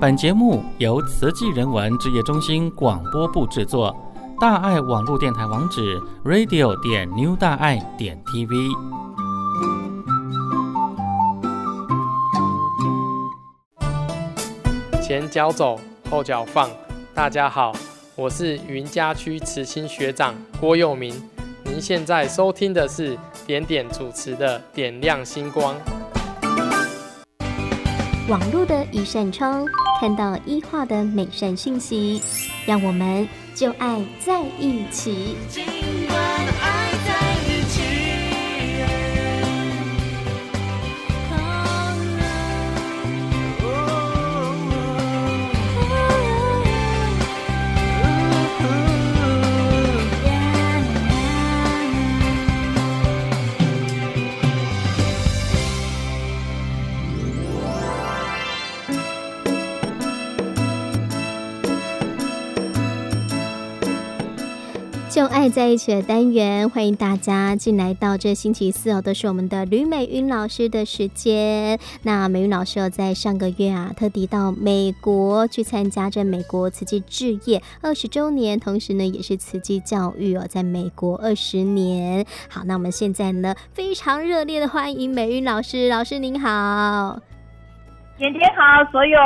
本節目由慈濟人文志業中心廣播部制作，大愛網絡電台網址 radio 點 new 大愛點 tv。前腳走，後腳放。大家好，我是雲嘉區慈青學長郭佑明。您現在收聽的是點點主持的《點亮星光》。網絡的一扇窗，看到一化的美善訊息，讓我們就愛在一起。愛在一起的單元，歡迎大家進來到這星期四哦，都是我們的呂美云老師的時間。那美云老師有在上個月啊，特地到美國去參加這美國慈濟志業二十週年，同時呢也是慈濟教育哦，在美國二十年。好，那我們現在呢非常熱烈的歡迎美云老師，老師您好，天天好，所有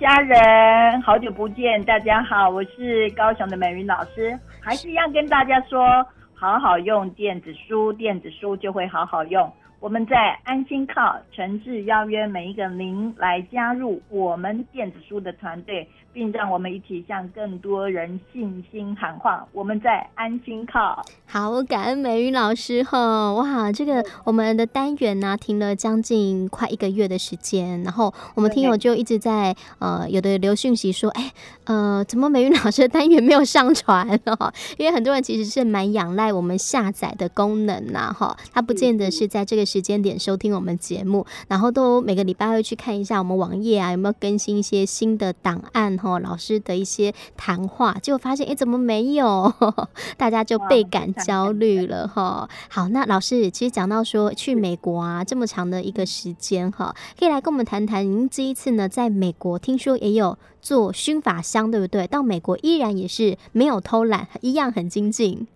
家人好久不見，大家好，我是高雄的美云老師。還是一樣跟大家說，好好用電子書，電子書就會好好用。我們在安心靠誠摯邀約每一個您來加入我們電子書的團隊。並讓我們一起向更多人信心喊話，我們在安心靠。好，我感恩美雲老師哈。哇，這個我們的單元呢、啊，停了將近快一個月的時間，然後我們聽友就一直在 Okay. 呃有的留訊息說，哎、欸、呃，怎麼美雲老師的單元沒有上傳哦？因為很多人其實是蠻仰賴我們下載的功能吶、啊、哈，他不見得是在這個時間點收聽我們節目，然後都每個禮拜會去看一下我們網頁啊有沒有更新一些新的檔案。哈、哦，老師的一些談話，結果發現，哎、欸，怎麼沒有呵呵？大家就倍感焦慮了哈、哦。好，那老師，其實講到說去美國啊，是這麼長的一個時間哈、哦，可以來跟我們談談。您這一次呢，在美國聽說也有做薰法香，對不對？到美國依然也是沒有偷懶，一樣很精進。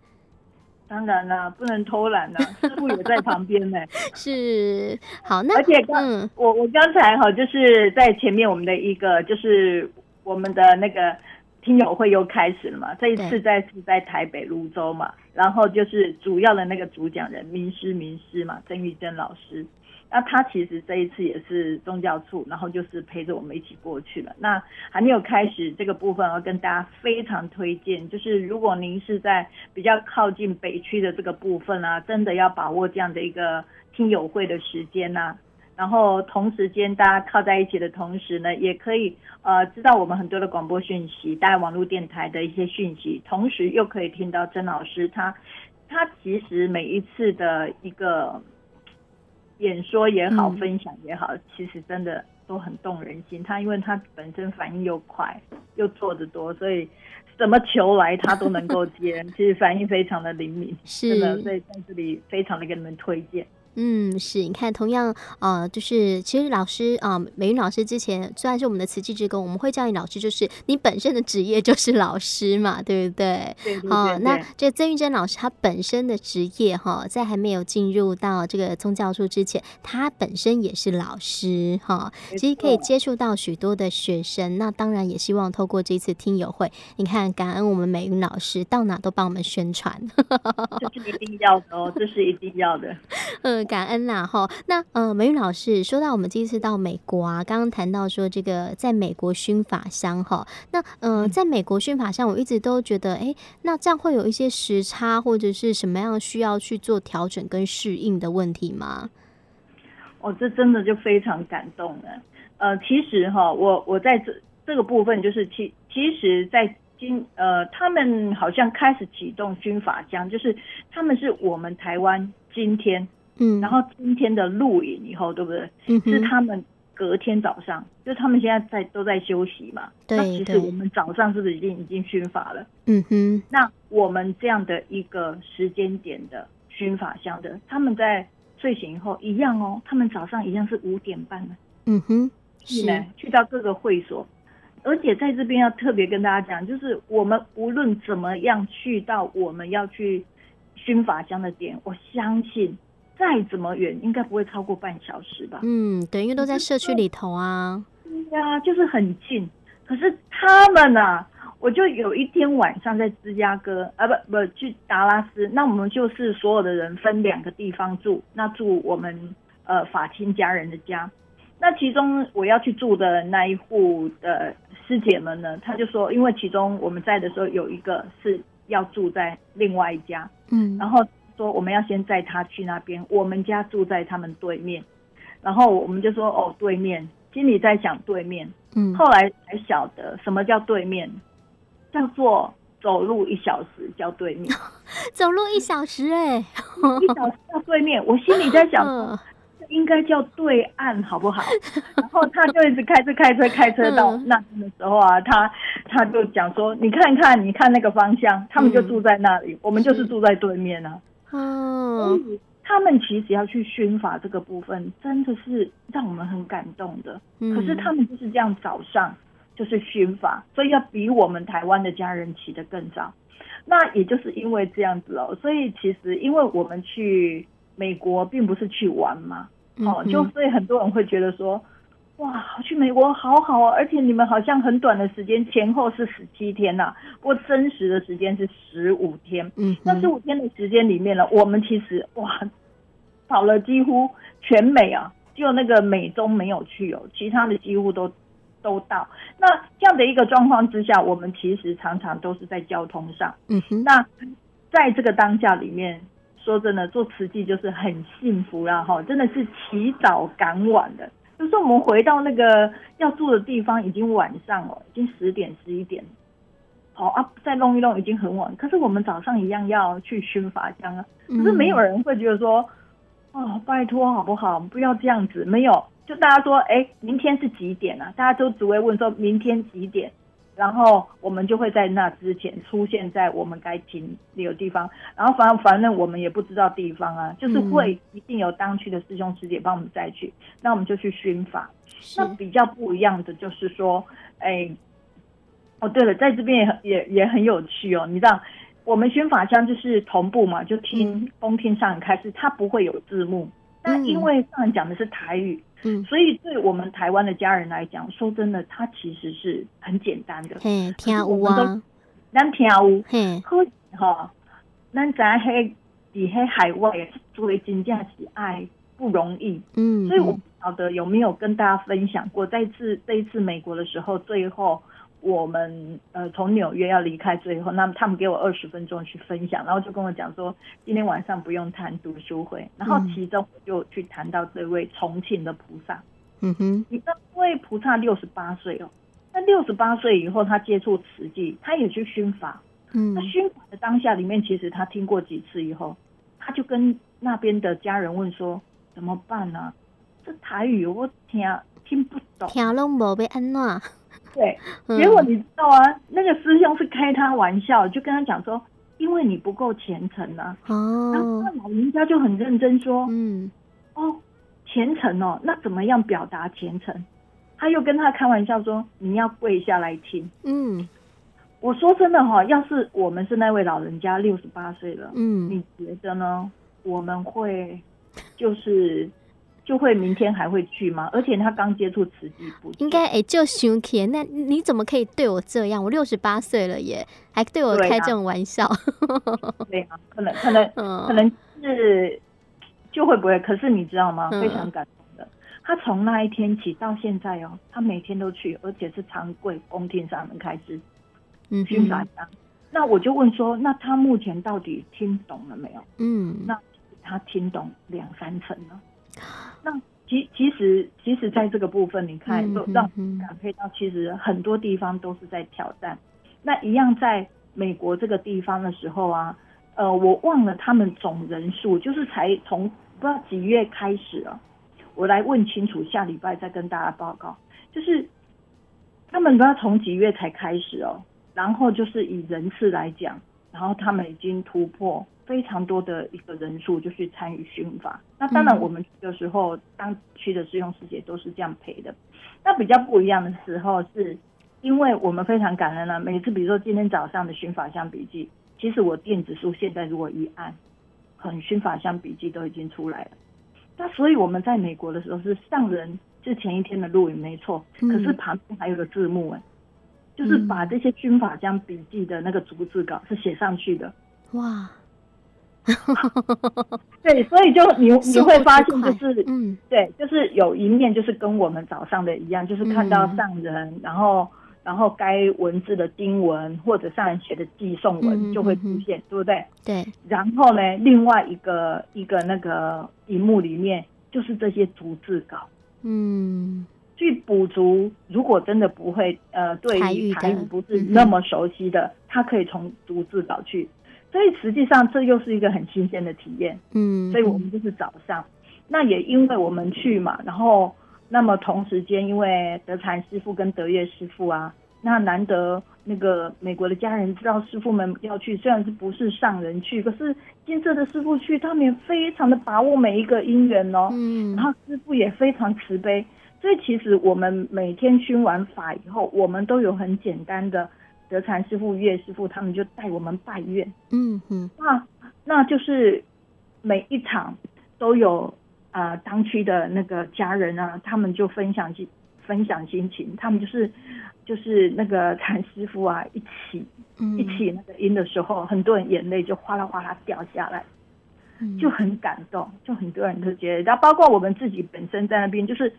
當然了、啊，不能偷懶了、啊，師父也在旁邊呢、欸。 是好，那好而且剛、嗯、我我剛才哈，就是在前面我們的一個就是。我們的那個聽友會又開始了嘛。這一次在是在台北蘆洲嘛。對然後就是主要的那個主講人，名師名師嘛，曾玉珍老師。那他其實這一次也是宗教處，然後就是陪着我們一起過去了。那還沒有開始這個部分，我跟大家非常推薦，就是如果您是在比較靠近北區的這個部分啊，真的要把握這樣的一個聽友會的時間啊。然後同時間大家靠在一起的同時呢，也可以呃知道我們很多的廣播訊息，大家網絡電台的一些訊息，同時又可以聽到曾老師他，他其實每一次的一個演說也好，嗯、分享也好，其實真的都很動人心。他因為他本身反應又快，又做的多，所以什麼球來他都能夠接， 其實反應非常的靈敏，是真的，所以在這裡非常的給你們推薦。嗯，是，你看，同樣，呃，就是其實老師啊、呃，美云老師之前雖然是我們的慈濟職工，我們會叫你老師，就是你本身的職業就是老師嘛，對不對？對，好、呃，那這曾玉珍老師她本身的職業哈、哦，在還沒有進入到這個宗教處之前，她本身也是老師哈，哦、錯其實可以接觸到許多的學生，那當然也希望透過這次聽友會，你看，感恩我們美云老師到哪都幫我們宣傳， 這是一定要的哦，這是一定要的，嗯。感恩啦哈，那呃，美雲老師說到我們這次到美國啊，剛剛談到說這個在美國薰法香哈，那呃，在美國薰法香，我一直都覺得誒、欸，那這樣會有一些時差或者是什麼樣需要去做調整跟適應的問題嗎？哦，這真的就非常感動了。呃，其實哈，我我在這這個部分就是其其實在，在今呃，他們好像開始啟動薰法香，就是他們是我們台灣今天。嗯，然後今天的錄影以後，對不對？嗯哼，是他們隔天早上，就他們現在在都在休息嘛。對，那其實我們早上是不是已經已經熏法了？嗯哼，那我們這樣的一個時間點的熏法香的，他們在睡醒以後一樣哦，他們早上一樣是五點半，嗯哼，是去，去到各個會所，而且在這邊要特別跟大家講，就是我們無論怎麼樣去到我們要去熏法香的點，我相信。再怎麼遠，應該不會超過半小時吧？嗯，等於都在社區裡頭啊。就是、對呀、啊，就是很近。可是他們呢、啊？我就有一天晚上在芝加哥啊，不不，去達拉斯。那我們就是所有的人分兩個地方住。那住我們呃法親家人的家。那其中我要去住的那一戶的師姐們呢，她就說，因為其中我們在的時候有一個是要住在另外一家。嗯，然後。說我們要先帶他去那邊。我們家住在他們對面，然後我們就說哦，對面。心裡在想對面，嗯。後來才曉得什麼叫對面，叫做走路一小時叫對面，走路一小時哎、欸，一小時叫對面。我心裡在想，這呵應該叫對岸好不好？呵呵，然後他就一直開車開車開車到那邊的時候啊，他他就講說，你看看，你看那個方向，他們就住在那裡，嗯、我們就是住在對面啊。嗯，oh. 所以他們其實要去薰法這個部分，真的是讓我們很感動的。嗯、可是他們就是這樣早上就是薰法，所以要比我們台灣的家人起得更早。那也就是因為這樣子哦，所以其實因為我們去美國並不是去玩嘛，嗯、哼哦，就所以很多人會覺得說。哇，去美國好好啊！而且你們好像很短的時間，前後是十七天吶。不過真實的時間是十五天。嗯哼，那十五天的時間裡面呢，我們其實哇，跑了幾乎全美啊，就那個美中沒有去哦，其他的幾乎都都到。那這樣的一個狀況之下，我們其實常常都是在交通上。嗯哼。那在這個當下裡面，說真的，做慈濟就是很幸福啦，吼，真的是起早趕晚的。就是我們回到那個要住的地方，已經晚上了，已經十點十一點好、哦、啊，再弄一弄已經很晚。可是我們早上一樣要去燻法香啊，嗯、可是沒有人會覺得說，哦，拜托好不好，不要這樣子。沒有，就大家說，哎、欸，明天是幾點啊，大家都只會問說，明天幾點？然後我們就會在那之前出現在我們該停留地方，然後反正反正我們也不知道地方啊，嗯、就是會一定有當區的師兄師姐，姐幫我們再去，那我們就去薰法。是那比較不一樣的就是說，哎，哦對了，在這邊也很也也很有趣哦，你知道，我們薰法香就是同步嘛，就聽風、嗯、聽上開始，它不會有字幕，那、嗯、因為上講的是台語。嗯，所以對我們台灣的家人來講，說真的，它其實是很簡單的。嘿，跳舞啊，咱跳舞，哈，那咱黑嘿，以嘿、那個、海外作為真正是愛不容易。嗯，所以我不曉得有沒有跟大家分享過，在次這一次美國的時候，最後。我們呃從紐約要離開之後，那麼他們給我二十分鐘去分享，然後就跟我講說今天晚上不用談讀書會，然後其中我就去談到這位重慶的菩薩，嗯哼，你知道那位菩薩六十八歲哦，那六十八歲以後他接觸慈濟，他也去熏法，嗯，那熏法的當下裡面，其實他聽過幾次以後，他就跟那邊的家人問說怎麼辦呢、啊？這台語我聽聽不懂，聽攏無欲按怎？對，結果你知道啊？嗯、那個師兄是開他玩笑，就跟他講說，因為你不夠虔誠啊。哦啊。那老人家就很認真說，嗯，哦，虔誠哦，那怎麼樣表達虔誠？他又跟他開玩笑說，你要跪下來聽。嗯。我說真的哈、哦，要是我們是那位老人家六十八歲了，嗯，你覺得呢？我們會就是。就會明天還會去嗎？而且他剛接觸慈濟，不久，應該就胸前。那你怎麼可以對我這樣？我六十八歲了耶，還對我開這種玩笑。對啊,對啊，可能可能、哦、可能是就會不會。可是你知道嗎？非常感動的。嗯、他從那一天起到現在哦，他每天都去，而且是常貴宮廷上的開支。嗯哼，去薰法香。那我就問說，那他目前到底聽懂了沒有？嗯，那他聽懂兩三成呢？那其實其實在這個部分，你看讓我們感佩到，其實很多地方都是在挑戰。那一樣在美國這個地方的時候啊，呃，我忘了他們總人數，就是才從不知道幾月開始啊，我來問清楚，下禮拜再跟大家報告。就是他們不知道從幾月才開始哦、啊，然後就是以人次來講。然後他們已經突破非常多的一個人數，就去參與薰法。那當然，我們有時候、嗯、當區的師兄師姐都是這樣陪的。那比較不一樣的時候是，因為我們非常感恩了、啊。每次比如說今天早上的薰法香筆記，其實我電子書現在如果一按，很薰法香筆記都已經出來了。那所以我們在美國的時候是上人，就前一天的錄影沒錯，可是旁邊還有個字幕、啊嗯就是把這些薰法香筆記的那個逐字稿是寫上去的，哇， 對，所以就你你會發現，就是嗯，對，就是有一面就是跟我們早上的一樣，就是看到上人，嗯、然後然後該文字的經文或者上人寫的偈頌文就會出現，嗯嗯嗯對不對？對。然後呢，另外一個一個那個螢幕裡面就是這些逐字稿，嗯。去補足，如果真的不會，呃，對於台語不是那麼熟悉的，的嗯、他可以從逐字稿去。所以實際上這又是一個很新鮮的體驗。嗯，所以我們就是早上。嗯、那也因為我們去嘛，然後那麼同時間，因為德禪師父跟德業師父啊，那難得那個美國的家人知道師父們要去，雖然是不是上人去，可是精舍的師父去，他們也非常的把握每一個因緣哦。嗯，然後師父也非常慈悲。所以其實我們每天熏完法以後，我們都有很簡單的德禪師父、岳師父，他們就帶我們拜月。嗯哼，那那就是每一場都有啊、呃，當區的那個家人啊，他們就分享心，分享心情。他們就是就是那個禪師父啊，一起、嗯、一起那個音的時候，很多人眼淚就嘩啦嘩啦掉下來，就很感動，就很多人都覺得，然後、嗯、包括我們自己本身在那邊就是。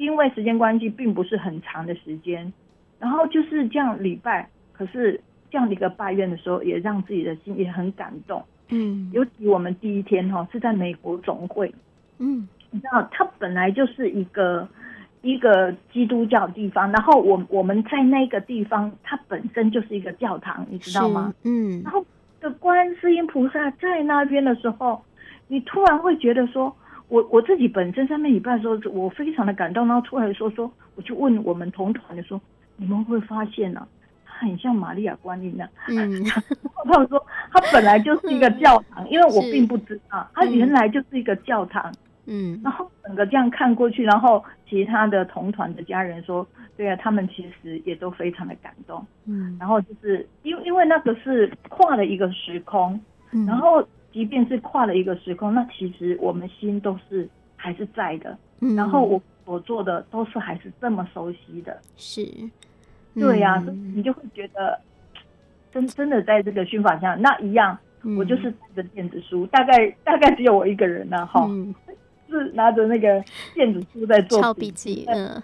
因為時間關係，並不是很長的時間，然後就是這樣禮拜，可是這樣的一個拜願的時候，也讓自己的心也很感動。嗯，尤其我們第一天哈、哦、是在美國總會，嗯，你知道，它本來就是一個一個基督教地方，然後我我們在那個地方，它本身就是一個教堂，你知道嗎？嗯，然後的觀世音菩薩在那邊的時候，你突然會覺得說。我我自己本身上面一半的時候，我非常的感動，然後出來的時候說，我就問我們同團的說，你們會發現呢、啊，他很像瑪利亞觀音呢、啊。嗯，他們說，它本來就是一個教堂，嗯、因為我並不知道，它是原來就是一個教堂。嗯，然後整個這樣看過去，然後其他的同團的家人說，對啊，他們其實也都非常的感動。嗯，然後就是因為因為那個是跨了一個時空，嗯、然後。即便是跨了一個時空，那其實我們心都是還是在的。嗯、然後我所做的都是還是這麼熟悉的，是，嗯、對呀、啊，你就會覺得真真的在這個薰法香那一樣。我就是帶著電子書，嗯、大概大概只有我一個人呢，哈，嗯、是拿着那個電子書在做筆記，的嗯。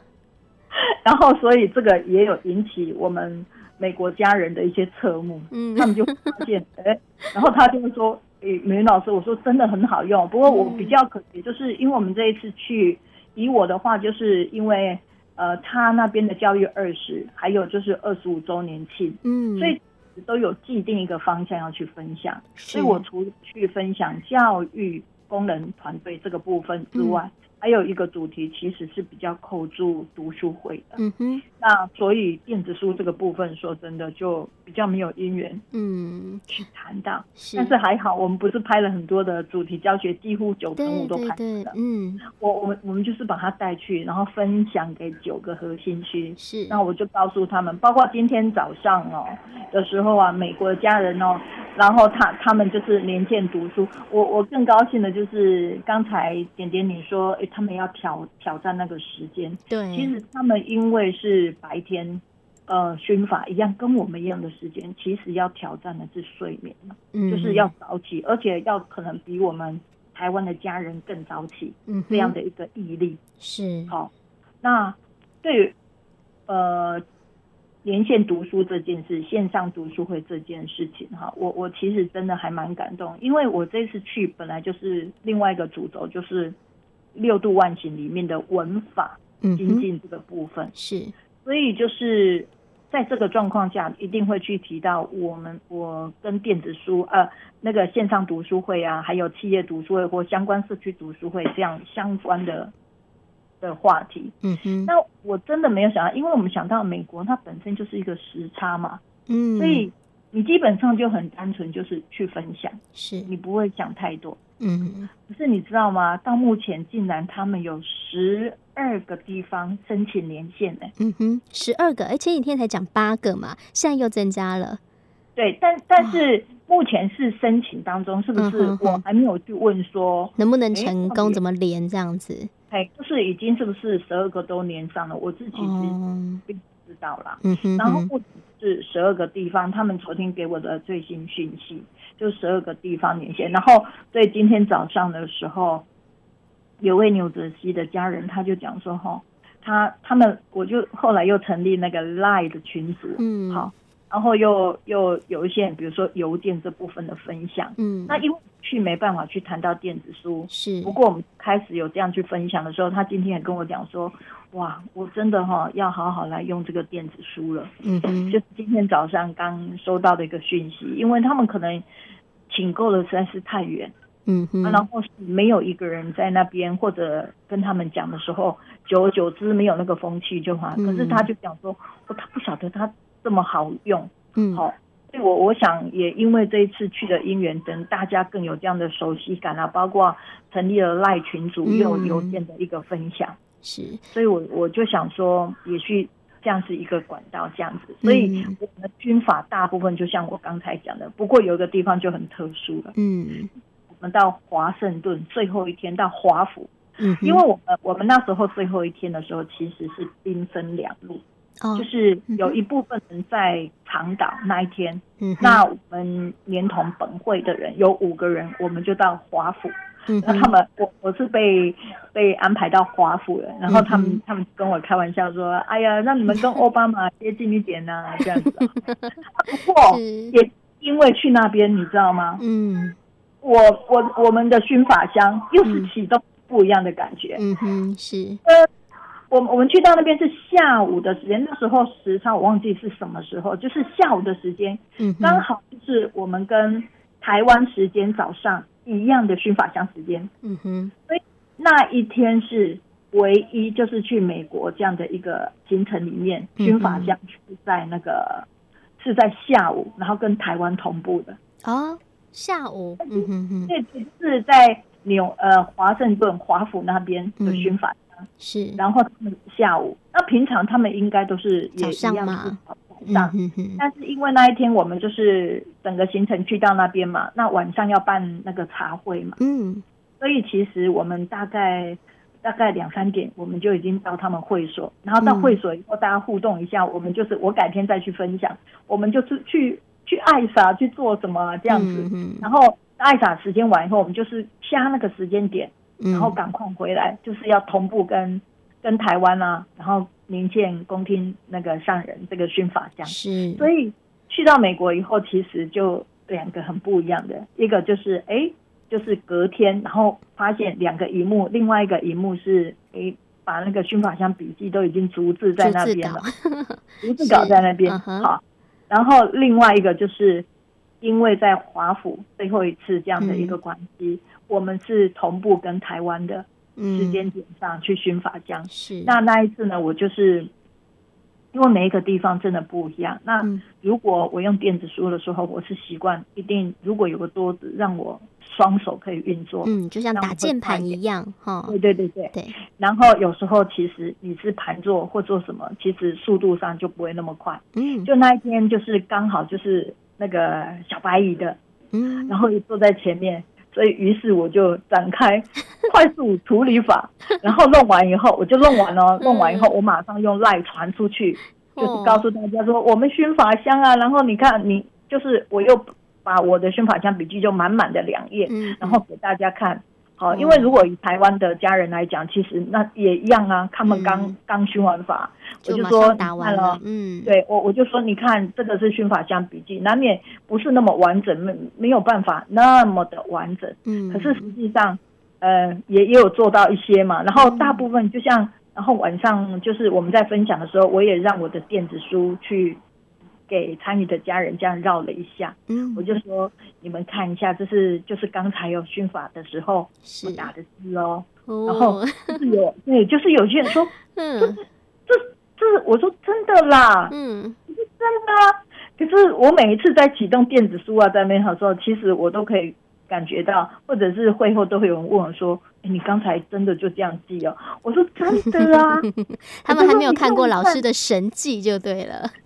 然後，所以這個也有引起我們美國家人的一些側目，嗯，他們就發現， 哎，然後他就會說。美雲老師，我說真的很好用，不過我比較可惜，就是因為我們這一次去，嗯、以我的話，就是因為呃，他那邊的教育二十，還有就是二十五周年慶，嗯，所以都有既定一個方向要去分享，是所以我除去分享教育功能團隊這個部分之外。嗯還有一個主題其實是比較扣住讀書會的，嗯哼。那所以電子書這個部分，說真的就比較沒有因緣，嗯，去談到。嗯、是但是還好，我們不是拍了很多的主題教學，幾乎九成五都拍了。對對對嗯，我我們我們就是把它帶去，然後分享給九個核心區。是，那我就告訴他們，包括今天早上哦的時候啊，美國的家人哦，然後他他們就是連線讀書。我我更高興的就是剛才點點你說。他們要挑挑戰那個時間，對，其實他們因為是白天，呃，薰法一樣，跟我們一樣的時間，其實要挑戰的是睡眠、嗯、哼就是要早起，而且要可能比我們台灣的家人更早起，嗯、哼這樣的一個毅力是好。那對於呃，連線讀書這件事，線上讀書會這件事情，哈，我我其實真的還蠻感動，因為我這次去本來就是另外一個主軸就是。六度萬行裡面的文法，精進這個部分，嗯、是，所以就是在這個狀況下，一定會去提到我們我跟電子書啊，呃，那個線上讀書會啊，還有企業讀書會或相關社區讀書會這樣相關的的話題。嗯哼，那我真的沒有想到，因為我們想到美國，它本身就是一個時差嘛，嗯，所以。你基本上就很單純，就是去分享，是你不會講太多。嗯嗯哼。可是你知道嗎？到目前竟然他們有十二個地方申請連線呢。嗯哼，十二個，哎、欸，前幾天才講八個嘛，現在又增加了。對，但但是目前是申請當中，哇是不是我還沒有去問說、嗯、哼哼能不能成功，欸、怎麼連這樣子？哎、欸，就是已經是不是十二個都連上了？我自己是。嗯知道了，嗯哼， 然後不止是十二個地方，他們昨天給我的最新訊息，就十二個地方連線。然後，對今天早上的時候，有位紐澤西的家人，他就講說：“哈、哦，他他們，我就後來又成立那個 Line 的群組，嗯，好，然後又又有一些，比如說郵件這部分的分享，嗯，那因為。”去沒辦法去談到電子書，是。不過我們開始有這樣去分享的時候，他今天也跟我講說，哇，我真的哈、哦、要好好來用這個電子書了。嗯哼，就是今天早上剛收到的一個訊息，因為他們可能請購的實在是太遠，嗯哼、啊、然後沒有一個人在那邊，或者跟他們講的時候，久而久之沒有那個風氣就好。嗯、可是他就講說，我、哦、他不曉得他這麼好用，嗯好。哦我我想也因為這一次去的因緣燈，等大家更有這樣的熟悉感啊，包括成立了賴群組，也有郵件的一個分享。嗯、是，所以我我就想說，也去這樣子一個管道，這樣子。所以我們薰法大部分就像我剛才講的，不過有一個地方就很特殊了。嗯，我們到華盛頓最後一天到華府，嗯哼，因為我們我們那時候最後一天的時候，其實是兵分兩路。哦、就是有一部分人在長島那一天，嗯、哼那我們連同本會的人有五個人，我們就到華府。那、嗯、哼他們，我我是被被安排到華府了。然後他們，嗯、哼他們跟我開玩笑說：“哎呀，讓你們跟奧巴馬接近一點呢、啊？嗯、哼這樣子、啊 啊。不過是也因為去那邊，你知道嗎？嗯，我我我們的薰法香又是啟動不一樣的感覺。嗯哼，是。我們我們去到那邊是下午的時間，那時候時差我忘記是什麼時候，就是下午的時間，嗯哼，剛好就是我們跟台灣時間早上一樣的薰法香時間，嗯哼，所以那一天是唯一就是去美國這樣的一個行程裡面，嗯哼，薰法香是在那個是在下午，然後跟台灣同步的啊、哦，下午，嗯嗯嗯，這只是在紐呃華盛頓華府那邊的薰法。嗯是，然後他們下午，那平常他們應該都是也一樣早上嗎？但是因為那一天我們就是整個行程去到那邊嘛，那晚上要辦那個茶會嘛，嗯，所以其實我們大概大概兩三點我們就已經到他們會所，然後到會所以後大家互動一下，我們就是我改天再去分享，我們就是去去愛灑去做什麼這樣子，嗯、哼然後愛灑時間完以後，我們就是下那個時間點。然後趕快回來，嗯、就是要同步跟跟台灣啊，然後明建、恭聽那個上人這個薰法香，是。所以去到美國以後，其實就兩個很不一樣的，一個就是哎，就是隔天，然後發現兩個螢幕，另外一個螢幕是哎，把那個薰法香筆記都已經逐字在那邊了，自 是逐字稿在那邊。啊、呵好，然後另外一個就是因為在華府最後一次這樣的一個關係。嗯我們是同步跟台灣的時間點上去薰法香，嗯。是那那一次呢，我就是因為每一個地方真的不一樣。那如果我用電子書的時候，我是習慣一定如果有個桌子讓我雙手可以運作，嗯，就像打鍵盤一樣哈。對對、哦、對對對。對然後有時候其實你是盤坐或做什麼，其實速度上就不會那麼快。嗯，就那一天就是剛好就是那個小白蟻的，嗯，然後也坐在前面。所以，於是我就展開快速處理法， 然後弄完以後，我就弄完了，哦。嗯、弄完以後，我馬上用賴傳出去，嗯、就是告訴大家說我們熏法香啊。然後你看你，你就是我又把我的熏法香筆記就滿滿的兩頁，嗯、然後給大家看。好，因為如果以台灣的家人來講，其實那也一樣啊。他們剛剛薰完法，我就說打完了，嗯，對，我我就說，你看這個是薰法香筆記，難免不是那麼完整，沒沒有辦法那麼的完整。嗯，可是實際上，呃，也也有做到一些嘛。然後大部分，就像、嗯、然後晚上就是我們在分享的時候，我也讓我的電子書去。給參與的家人這樣繞了一下，嗯，我就說你們看一下，這是就是剛才有薰法的時候是我打的字哦，哦，然後有 對，就是有些人說，嗯，這是這是這是，我說真的啦，嗯，是真的。可是我每一次在啟動電子書啊，在美好的時候，其實我都可以感覺到，或者是會後都會有人問我說，欸、你剛才真的就這樣記哦，我說真的啊，他們還沒有看過老師的神跡，就對了。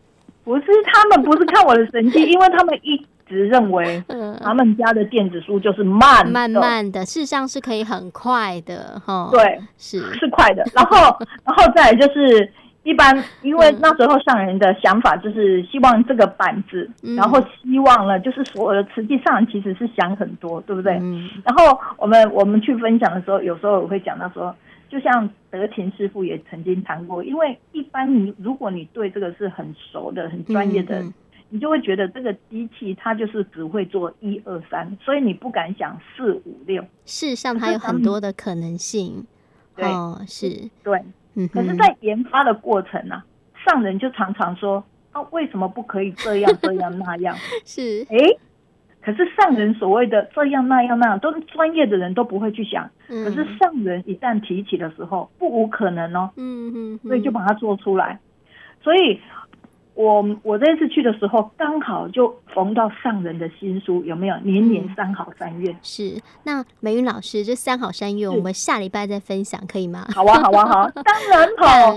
不是他們不是看我的神器。 因為他們一直認為他們家的電子書就是慢，慢慢的，事實上是可以很快的哈。對，是是快的。 然後，然後再來就是一般，因為那時候上人的想法就是希望這個板子，嗯、然後希望呢，就是所有的實際上其實是想很多，對不對？嗯、然後我們我們去分享的時候，有時候我會講到說。就像德勤師傅也曾經談過，因為一般你如果你對這個是很熟的，很專業的，嗯、哼你就會覺得這個機器它就是只會做一二三，所以你不敢想四五六。事實上它有很多的可能性，嗯、哦，對哦是，對。嗯、哼可是，在研發的過程啊，上人就常常說，啊，為什麼不可以這樣、這樣、那樣？ 是，誒、欸可是上人所謂的這樣那樣那樣，都是專業的人都不會去想。可是上人一旦提起的時候，不無可能哦。所以就把它做出來，所以。我我這次去的時候，剛好就逢到上人的新書，有沒有？年年三好三願。是。那美雲老師，這三好三願，我們下禮拜再分享，是可以嗎好，啊？好啊，好啊，好，當然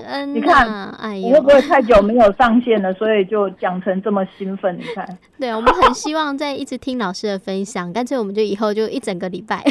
好。 你看，嗯啊哎、我會不會太久沒有上線了，所以就講成這麼興奮。你看，對啊，我們很希望再一直聽老師的分享，乾 脆我們就以後就一整個禮拜。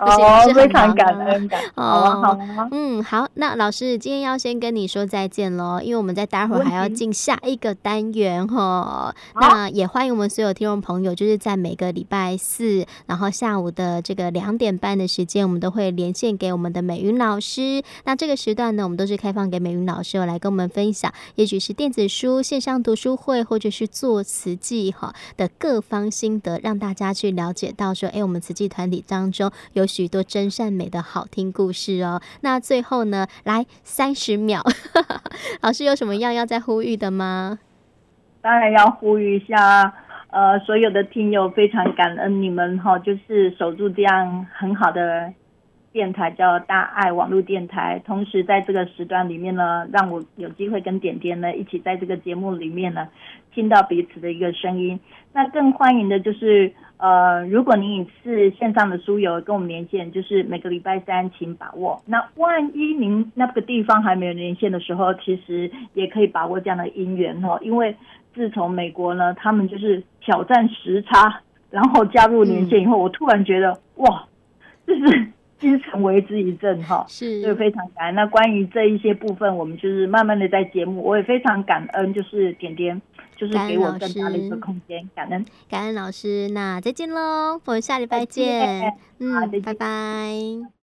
啊嗯、好非常感恩的。好啊好，嗯，好，那老師今天要先跟你說再見嘍，因為我們在待會還要。進下一個單元哈，那也歡迎我們所有聽眾朋友，就是在每個禮拜四，然後下午的這個兩點半的時間，我們都會連線給我們的美云老師。那這個時段呢，我們都是開放給美云老師來跟我們分享，也許是電子書線上讀書會，或者是做慈濟哈的各方心得，讓大家去了解到說，哎、欸，我們慈濟團體當中有許多真善美的好聽故事哦、喔。那最後呢，來三十秒， 老師有什麼樣要在呼？的嗎？當然要呼籲一下，呃，所有的聽友非常感恩你們哈、哦，就是守住這樣很好的。電臺叫大愛網絡電臺，同時在這個時段裡面呢，讓我有機會跟點點呢一起在這個節目裡面呢聽到彼此的一個聲音。那更歡迎的就是，呃，如果您是線上的書友跟我們連線，就是每個禮拜三請把握。那萬一您那個地方還沒有連線的時候，其實也可以把握這樣的因緣哦，因為自從美國呢，他們就是挑戰時差，然後加入連線以後，嗯、我突然覺得哇，這是。精神為之一振哈，是，所以非常感恩。那關於這一些部分，我們就是慢慢的在節目，我也非常感恩，就是點點就是給我們更大的一個空間，感恩感恩，感恩老師。那再見嘍，我們下禮拜見，見嗯，拜拜。